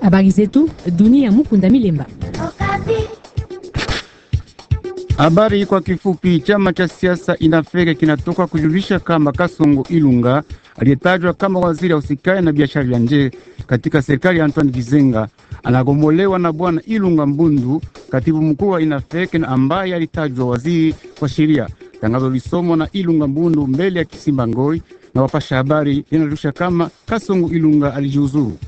Habari zetu dunia. Mukunda Milemba. Habari kwa kifupi. Chama cha siasa Inafere kinatoka kujulisha kama Kasongo Ilunga aliyetajwa kama waziri ya usikaya na biashara ya nje katika serikali ya Antoine Gizenga anagomolewa na bwana Ilunga Mbundu, katibu mkuu wa inafeke na ambaye alitajwa waziri wa sheria. Tangazo lisomwa na Ilunga Mbundu mbele ya kisimba ngoi na wapasha habari yanarusha kama Kasongo Ilunga alijiuzuru.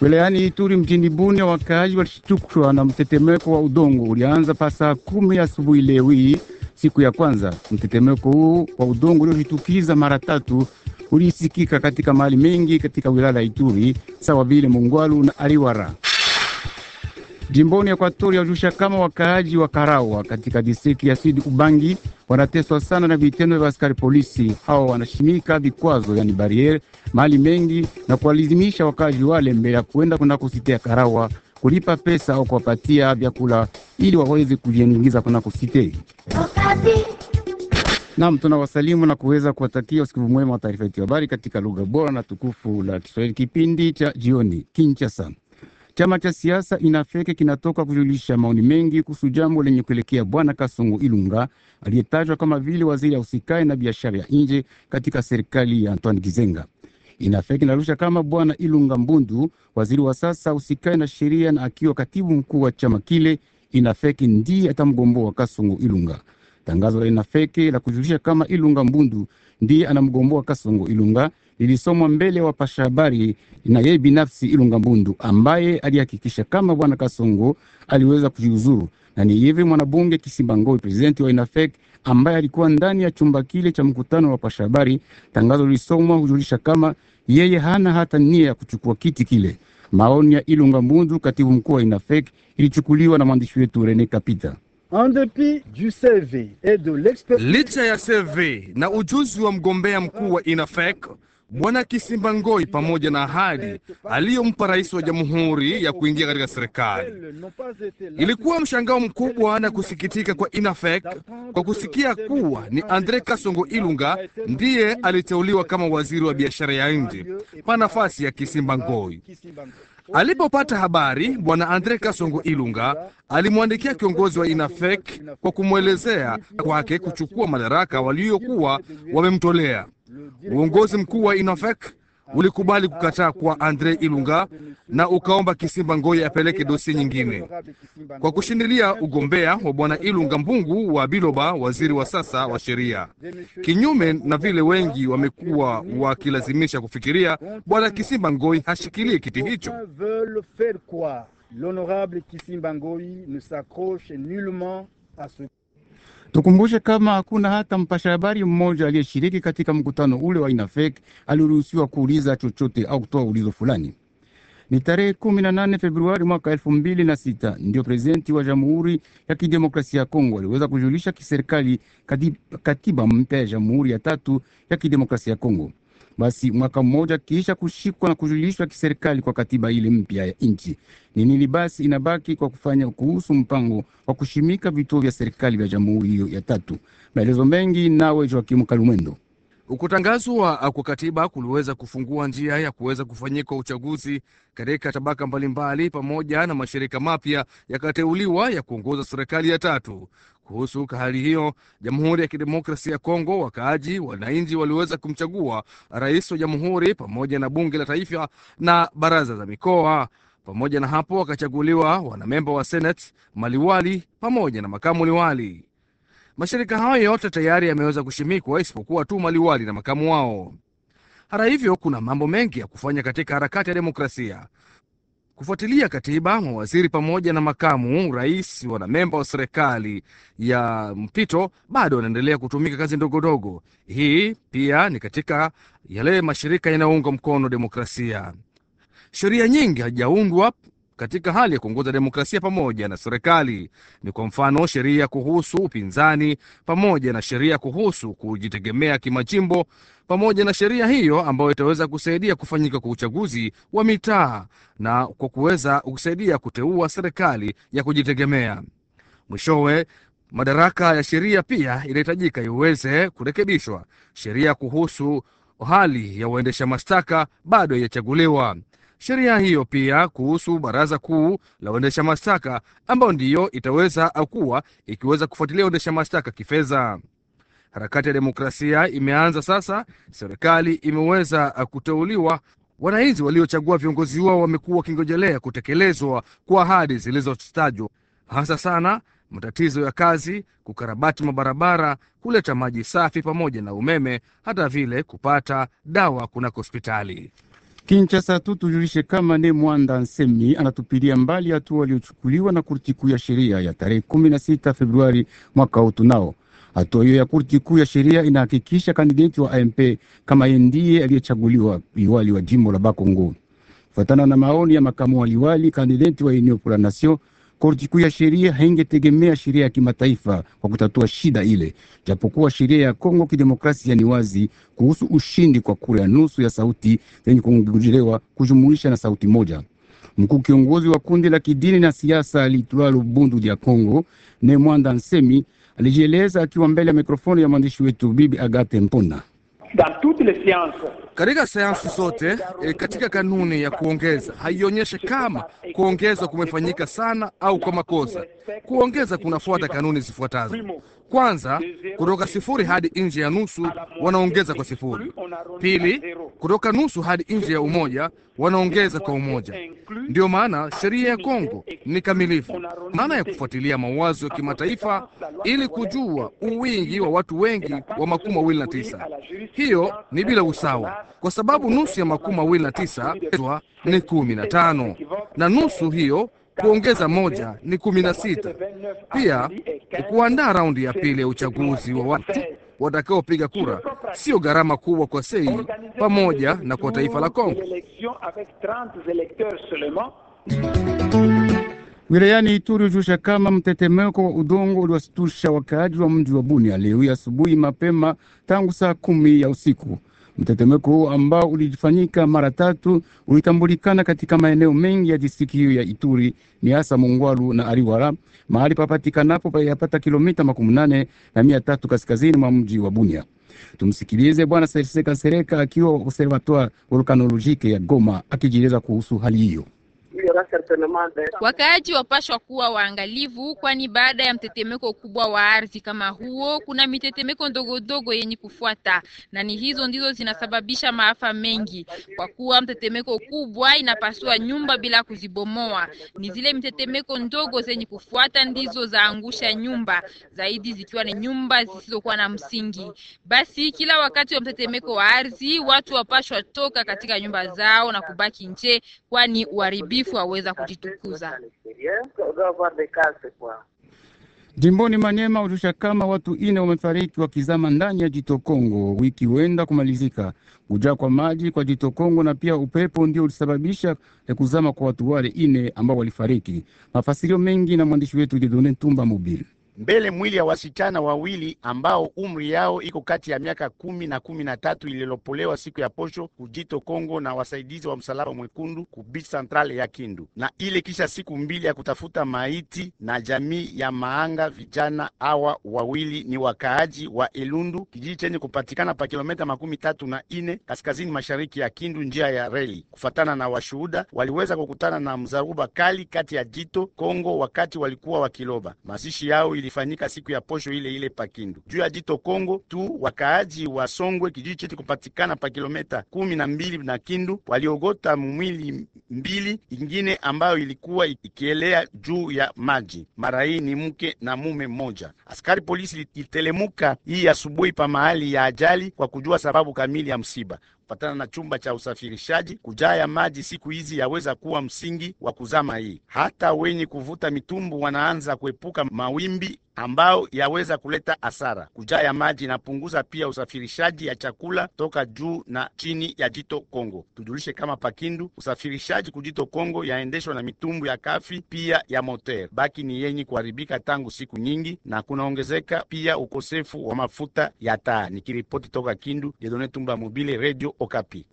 Wilayani Ituri mjini Bunia, wakaaji walishtukwa na mtetemeko wa udongo ulianza pasaa kumi asubuhi leo hii, siku ya kwanza. Mtetemeko huu wa udongo uliojitukiza mara tatu ulisikika katika mahali mengi katika wilaya ya Ituri sawa vile Mungwalu na Aliwara. Jimboni Ekuatoria wajulisha kama wakaaji wa Karawa katika distrikti ya Sud Ubangi wanateswa sana na vitendo vya askari polisi. Hawa wanashimika vikwazo, yani bariere, mali mengi na kuwalazimisha wakaaji wale mbele ya kuenda kunako siti ya Karawa kulipa pesa au kuwapatia vyakula ili waweze kujiingiza kunako site. Naam, tunawasalimu na kuweza kuwatakia usiku mwema wa taarifa yetu habari katika lugha bora na tukufu la Kiswahili, kipindi cha jioni Kinshasa. Chama cha siasa Inafeke kinatoka kujulisha maoni mengi kuhusu jambo lenye kuelekea bwana Kasongo Ilunga aliyetajwa kama vile waziri ya usikae na biashara ya nje katika serikali ya Antoine Gizenga. Inafeke inarusha kama bwana Ilunga Mbundu, waziri wa sasa usikae na sheria na akiwa katibu mkuu wa chama kile, Inafeke ndiye atamgomboa Kasongo Ilunga. Tangazo la Inafeke la kujulisha kama Ilunga Mbundu ndiye anamgomboa Kasongo Ilunga lilisomwa mbele ya wapasha habari na yeye binafsi Ilunga Mbundu, ambaye alihakikisha kama bwana Kasongo aliweza kujiuzuru na ni hivi mwanabunge Ngoi, presidenti wa INAFEC ambaye alikuwa ndani ya chumba kile cha mkutano wa pasha habari. Tangazo lilisomwa hujulisha kama yeye hana hata nia ya kuchukua kiti kile. Maoni ya Ilunga Mbundu, katibu mkuu wa INAFEC, ilichukuliwa na mwandishi wetu Rene Kapita. Licha ya CV na ujuzi wa mgombea mkuu wa INAFEC Bwana Kisimba Ngoi pamoja na ahadi aliyompa rais wa jamhuri ya kuingia katika serikali. Ilikuwa mshangao mkubwa na kusikitika kwa INAFEC kwa kusikia kuwa ni Andre Kasongo Ilunga ndiye aliteuliwa kama waziri wa biashara ya nje pa nafasi ya Kisimba Ngoi. Alipopata habari, bwana Andre Kasongo Ilunga alimwandikia kiongozi wa INAFEC kwa kumwelezea kwake kuchukua madaraka waliokuwa wamemtolea. Uongozi mkuu wa Inofec ulikubali kukataa kwa Andre Ilunga na ukaomba Kisimba ngoi apeleke dosie nyingine kwa kushindilia ugombea wa bwana Ilunga Mbungu wa Biloba, waziri wa sasa wa sheria. Kinyume na vile wengi wamekuwa wakilazimisha kufikiria, bwana Kisimba ngoi hashikilie kiti hicho. L'honorable Kisimba ne s'accroche nullement ce Tukumbushe kama hakuna hata mpasha habari mmoja aliyeshiriki katika mkutano ule wa INAFEC aliruhusiwa kuuliza chochote au kutoa ulizo fulani. Ni tarehe 18 Februari mwaka 2006 ndio prezidenti wa Jamhuri ya Kidemokrasia ya Kongo aliweza kujulisha kiserikali katiba mpya ya Jamhuri ya tatu ya Kidemokrasia ya Kongo basi mwaka mmoja kisha kushikwa na kujulishwa kiserikali kwa katiba ile mpya ya nchi. Ni nini basi inabaki kwa kufanya kuhusu mpango wa kushimika vituo vya serikali vya jamhuri hiyo ya tatu? Maelezo mengi nawe Joakim Kalumwendo. Kutangazwa kwa katiba kuliweza kufungua njia ya kuweza kufanyika uchaguzi katika tabaka mbalimbali, pamoja na mashirika mapya yakateuliwa ya kuongoza serikali ya tatu. Kuhusu hali hiyo, Jamhuri ya Kidemokrasia ya Kongo, wakaaji wananchi waliweza kumchagua rais wa jamhuri pamoja na bunge la taifa na baraza za mikoa. Pamoja na hapo, wakachaguliwa wanamemba wa seneti, maliwali pamoja na makamu liwali. Mashirika hayo yote tayari yameweza kushimikwa isipokuwa tu maliwali na makamu wao. Hata hivyo, kuna mambo mengi ya kufanya katika harakati ya demokrasia kufuatilia katiba, mawaziri pamoja na makamu rais, wanamemba wa serikali ya mpito bado wanaendelea kutumika kazi ndogondogo. Hii pia ni katika yale mashirika yanayounga mkono demokrasia. Sheria nyingi hajaundwa katika hali ya kuongoza demokrasia pamoja na serikali. Ni kwa mfano sheria kuhusu upinzani pamoja na sheria kuhusu kujitegemea kimajimbo pamoja na sheria hiyo ambayo itaweza kusaidia kufanyika kwa uchaguzi wa mitaa na kwa kuweza kusaidia kuteua serikali ya kujitegemea. Mwishowe, madaraka ya sheria pia inahitajika iweze kurekebishwa. Sheria kuhusu hali ya waendesha mashtaka bado haijachaguliwa sheria hiyo pia kuhusu baraza kuu la uendesha mashtaka ambayo ndiyo itaweza au kuwa ikiweza kufuatilia uendesha mashtaka kifedha. Harakati ya demokrasia imeanza sasa. Serikali imeweza ah, kuteuliwa. Wananchi waliochagua viongozi wao wamekuwa wakingojelea kutekelezwa kwa ahadi zilizotajwa, hasa sana matatizo ya kazi, kukarabati mabarabara, kuleta maji safi pamoja na umeme, hata vile kupata dawa kunako hospitali. Kinshasa tu tujulishe kama ne Mwanda Nsemi anatupilia mbali hatua aliyochukuliwa na kurti kuu ya sheria ya tarehe 16 Februari mwaka huu tunao hatua hiyo ya kurti kuu ya sheria inahakikisha kandideti wa AMP kama yeye ndiye aliyechaguliwa liwali wa jimbo la Bakongo, kufuatana na maoni ya makamu wa liwali. Kandideti wa eneo pour la nation Korti Kuu ya Sheria haingetegemea sheria ya kimataifa kwa kutatua shida ile, japokuwa sheria ya Kongo Kidemokrasia ni wazi kuhusu ushindi kwa kura ya nusu ya sauti zenye kuongelewa kujumuisha na sauti moja. Mkuu kiongozi wa kundi la kidini na siasa liitwalo Bundu ya Kongo ne Mwanda Nsemi alijieleza akiwa mbele ya mikrofoni ya mwandishi wetu Bibi Agate Mpona. Dans toutes les sciences katika sayansi zote e, katika kanuni ya kuongeza haionyeshi kama kuongezwa kumefanyika sana au kwa makosa. Kuongeza kunafuata kanuni zifuatazo. Kwanza, kutoka sifuri hadi nje ya nusu wanaongeza kwa sifuri. Pili, kutoka nusu hadi nje ya umoja wanaongeza kwa umoja. Ndiyo maana sheria ya Kongo ni kamilifu, maana ya kufuatilia mawazo ya kimataifa ili kujua uwingi wa watu wengi wa makumi mawili na tisa. Hiyo ni bila usawa kwa sababu nusu ya makuu mawili na tisa ni kumi na tano na nusu hiyo kuongeza moja ni kumi na sita. Pia kuandaa raundi ya pili ya uchaguzi wa watu watakaopiga kura sio gharama kubwa kwa sei pamoja na kwa taifa la Kongo. Wilayani Ituri hujusha kama mtetemeko wa udongo uliwasitusha wakaaji wa mji wa Bunia leo asubuhi mapema tangu saa kumi ya usiku. Mtetemeko huo ambao ulifanyika mara tatu ulitambulikana katika maeneo mengi ya distriki hiyo ya Ituri, ni hasa Mungwalu na Ariwara, mahali papatikanapo payapata kilomita makumi nane na mia tatu kaskazini mwa mji wa Bunia. Tumsikilize Bwana Sereka Sereka akiwa observatoire Volcanologique ya Goma akijieleza kuhusu hali hiyo. Wakaaji wapashwa kuwa waangalivu, kwani baada ya mtetemeko kubwa wa ardhi kama huo kuna mitetemeko ndogondogo yenye kufuata, na ni hizo ndizo zinasababisha maafa mengi, kwa kuwa mtetemeko kubwa inapasua nyumba bila kuzibomoa. Ni zile mitetemeko ndogo zenye kufuata ndizo zaangusha nyumba zaidi, zikiwa ni nyumba zisizokuwa na msingi. Basi kila wakati wa mtetemeko wa ardhi watu wapashwa toka katika nyumba zao na kubaki nje, kwani uharibifu waweza kujitukuza. Jimboni Manyema hujusha kama watu ine wamefariki wakizama ndani ya jito Kongo, wiki wenda kumalizika. Kujaa kwa maji kwa jito Kongo na pia upepo ndio ulisababisha ya kuzama kwa watu wale ine ambao walifariki. Mafasirio mengi na mwandishi wetu Didone Tumba Mobile mbele mwili ya wasichana wawili ambao umri yao iko kati ya miaka kumi na kumi na tatu ililopolewa siku ya posho kujito Kongo na wasaidizi wa Msalaba Mwekundu kubit central ya Kindu, na ile kisha siku mbili ya kutafuta maiti na jamii ya Maanga. Vijana hawa wawili ni wakaaji wa Elundu, kijiji chenye kupatikana pa kilometa makumi tatu na ine kaskazini mashariki ya Kindu, njia ya reli. Kufatana na washuhuda, waliweza kukutana na mzaruba kali kati ya jito Kongo wakati walikuwa wakiloba masishi yao ili ilifanyika siku ya posho ile ile Pakindu juu ya jito Kongo tu. Wakaaji wa Songwe, kijiji chetu kupatikana pa kilometa kumi na mbili na Kindu, waliogota mwili mbili ingine ambayo ilikuwa ikielea juu ya maji. Mara hii ni mke na mume mmoja. Askari polisi ilitelemuka hii asubuhi pa mahali ya ajali kwa kujua sababu kamili ya msiba patana na chumba cha usafirishaji. Kujaa ya maji siku hizi yaweza kuwa msingi wa kuzama hii. Hata wenye kuvuta mitumbu wanaanza kuepuka mawimbi ambao yaweza kuleta asara. Kujaa ya maji inapunguza pia usafirishaji ya chakula toka juu na chini ya jito Kongo. Tujulishe kama Pakindu, usafirishaji kujito Kongo yaendeshwa na mitumbu ya kafi pia ya moter. Baki ni yenye kuharibika tangu siku nyingi, na kunaongezeka pia ukosefu wa mafuta ya taa. Nikiripoti toka Kindu, Jedone Tumba Mobile, Radio Okapi.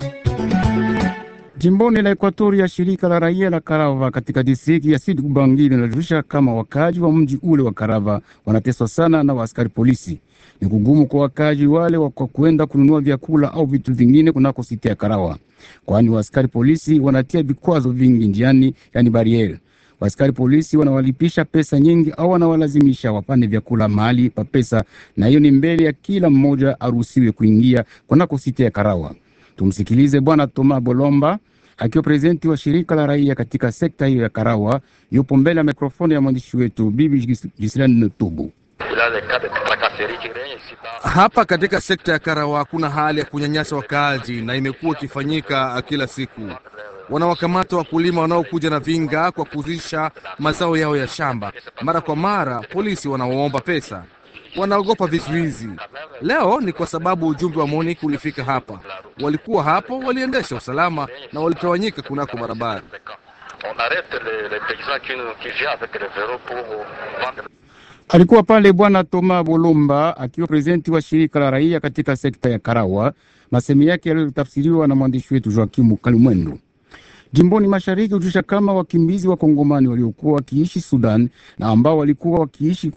Jimboni la ya shirika la raia la Karava katika distrikti ya Sud Ubangi linajulisha kama wakaaji wa mji ule wa Karava wanateswa sana na waaskari polisi. Ni kugumu kwa wakaaji wale wa kwa kwenda kununua vyakula au vitu vingine kunako siti ya Karawa, kwani waaskari polisi wanatia vikwazo vingi njiani, yani barier Waaskari polisi wanawalipisha pesa nyingi au wanawalazimisha wapande vyakula mahali pa pesa, na hiyo ni mbele ya kila mmoja aruhusiwe kuingia kunako siti ya Karawa. Tumsikilize Bwana Toma Bolomba akiwa prezidenti wa shirika la raia katika sekta hiyo ya Karawa. Yupo mbele ya mikrofoni ya mwandishi wetu Bibi Gislan Tubu. Hapa katika sekta ya Karawa kuna hali ya kunyanyasa wakaaji na imekuwa ikifanyika kila siku. Wanawakamata wakulima wanaokuja na vinga kwa kuuzisha mazao yao ya shamba. Mara kwa mara polisi wanawaomba pesa wanaogopa vizuizi. Leo ni kwa sababu ujumbe wa MONUC ulifika hapa, walikuwa hapo, waliendesha usalama na walitawanyika kunako barabara. Alikuwa pale Bwana Toma Bolomba akiwa prezidenti wa shirika la raia katika sekta ya Karawa. Masemi yake yaliyotafsiriwa na mwandishi wetu Joakimu Kalimwendo. Jimboni mashariki hujulisha kama wakimbizi wa Kongomani waliokuwa wakiishi Sudan na ambao walikuwa wakiishi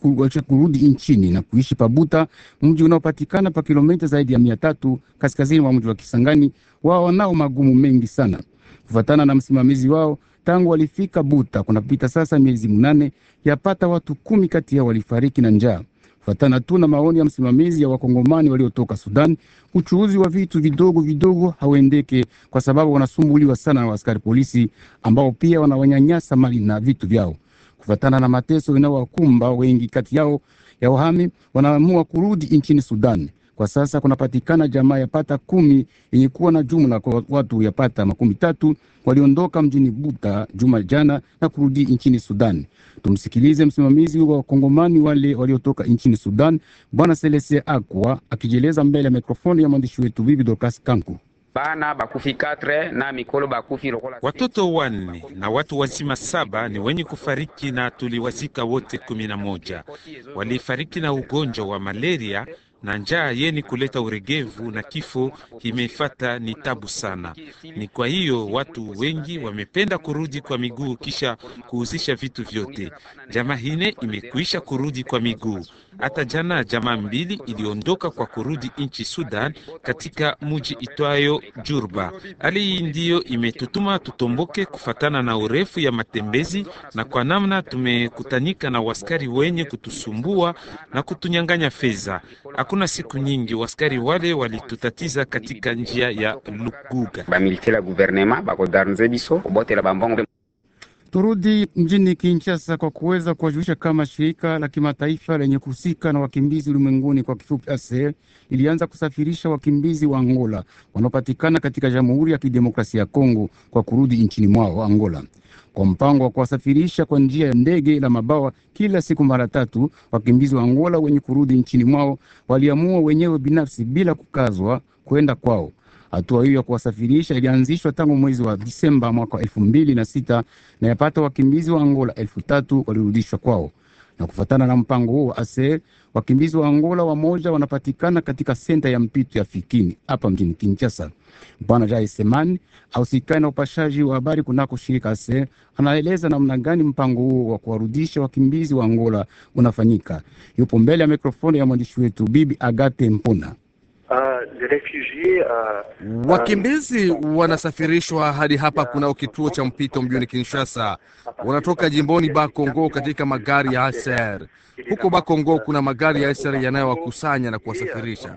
kurudi nchini na kuishi Pabuta, mji unaopatikana pa kilomita zaidi ya mia tatu kaskazini mwa mji wa Kisangani, wao wanao magumu mengi sana. Kufuatana na msimamizi wao, tangu walifika Buta kunapita sasa miezi mnane, yapata watu kumi kati yao walifariki na njaa. Fatana tu na maoni ya msimamizi ya wakongomani waliotoka Sudani, uchuuzi wa vitu vidogo vidogo hauendeke kwa sababu wanasumbuliwa sana na askari polisi ambao pia wanawanyanyasa mali na vitu vyao. Kufatana na mateso inayowakumba wengi kati yao ya wahami, wanaamua kurudi nchini Sudani. Kwa sasa kunapatikana jamaa ya pata kumi yenye kuwa na jumla kwa watu pata makumi tatu waliondoka mjini Buta juma jana na kurudi nchini Sudan. Tumsikilize msimamizi wa wakongomani wale waliotoka nchini Sudan, Bwana Selese Akwa akijieleza mbele ya mikrofoni ya mwandishi wetu Bibi Dorcas Kanku. Bana bakufi katre, na mikolo bakufi lokola watoto wanne na watu wazima saba ni wenye kufariki, na tuliwazika wote kumi na moja. Walifariki na ugonjwa wa malaria na njaa yeni kuleta uregevu na kifo imefata ni tabu sana. Ni kwa hiyo watu wengi wamependa kurudi kwa miguu kisha kuhusisha vitu vyote. Jamaa hine imekwisha kurudi kwa miguu hata jana jamaa mbili iliondoka kwa kurudi nchi Sudan katika muji itwayo Jurba. Hali hii ndiyo imetutuma tutomboke kufatana na urefu ya matembezi na kwa namna tumekutanika na waskari wenye kutusumbua na kutunyang'anya fedha. Hakuna siku nyingi waskari wale walitutatiza katika njia ya Luguga. Turudi mjini Kinshasa kwa kuweza kuwajulisha kama shirika la kimataifa lenye kuhusika na wakimbizi ulimwenguni kwa kifupi ASER ilianza kusafirisha wakimbizi wa Angola wanaopatikana katika Jamhuri ya Kidemokrasia ya Kongo kwa kurudi nchini mwao Angola kwa mpango wa kuwasafirisha kwa njia ya ndege la mabawa kila siku mara tatu. Wakimbizi wa Angola wenye kurudi nchini mwao waliamua wenyewe binafsi bila kukazwa kwenda kwao. Hatua hiyo ya kuwasafirisha ilianzishwa tangu mwezi wa Disemba mwaka wa elfu mbili na sita na yapata wakimbizi wa Angola elfu tatu walirudishwa kwao na kufuatana na mpango huo wa ASER, wakimbizi wa Angola wamoja wanapatikana katika senta ya mpito ya Fikini hapa mjini Kinshasa. Bwana Jai Semani ausikani na upashaji wa habari kunako shirika ASER anaeleza namna gani mpango huo wa kuwarudisha wakimbizi wa Angola unafanyika. Yupo mbele ya mikrofoni ya mwandishi wetu Bibi Agate Mpuna. Uh, uh, um, Wakimbizi wanasafirishwa hadi hapa kunao kituo cha mpito mjini Kinshasa, wanatoka jimboni Bakongo katika magari ya ASER. Huko Bakongo kuna magari ya SR yanayowakusanya na kuwasafirisha,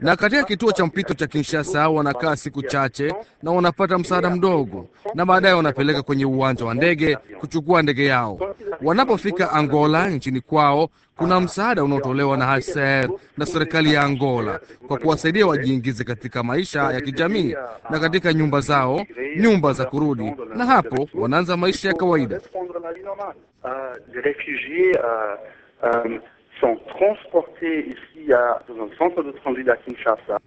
na katika kituo cha mpito cha Kinshasa wanakaa siku chache na wanapata msaada mdogo, na baadaye wanapeleka kwenye uwanja wa ndege kuchukua ndege yao. Wanapofika Angola nchini kwao, kuna msaada unaotolewa na HCR na serikali ya Angola kwa kuwasaidia wajiingize katika maisha ya kijamii na katika nyumba zao, nyumba za kurudi, na hapo wanaanza maisha ya kawaida. Euh, sont transportés ici à, dans un centre de transit à Kinshasa.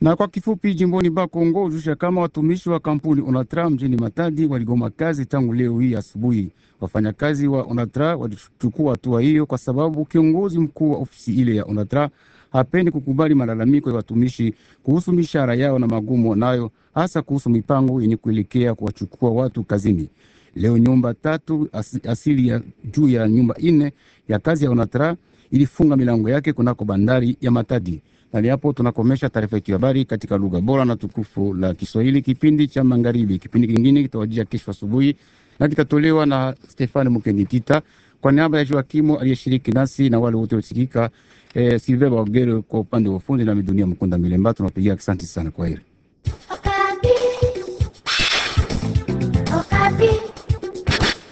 Na kwa kifupi, jimboni Bakongo hujusha kama watumishi wa kampuni Onatra mjini Matadi waligoma kazi tangu leo hii asubuhi. Wafanyakazi wa Onatra walichukua hatua hiyo kwa sababu kiongozi mkuu wa ofisi ile ya Onatra hapendi kukubali malalamiko ya watumishi kuhusu mishahara yao na magumu wanayo, hasa kuhusu mipango yenye kuelekea kuwachukua watu kazini. Leo nyumba tatu as, asili ya juu ya nyumba nne ya kazi ya Onatra ilifunga milango yake kunako bandari ya Matadi. Hali hapo tunakomesha taarifa ya habari katika lugha bora na tukufu la Kiswahili, kipindi cha magharibi. Kipindi kingine kitawajia kesho asubuhi na kitatolewa na Stefani Mukenitita kwa niaba ya Joakimu aliyeshiriki nasi na wale wote waliosikika. Eh, Silvia Baogero kwa upande wa ufundi na Midunia Mkunda Milemba, tunapigia asante sana. Kwa hili.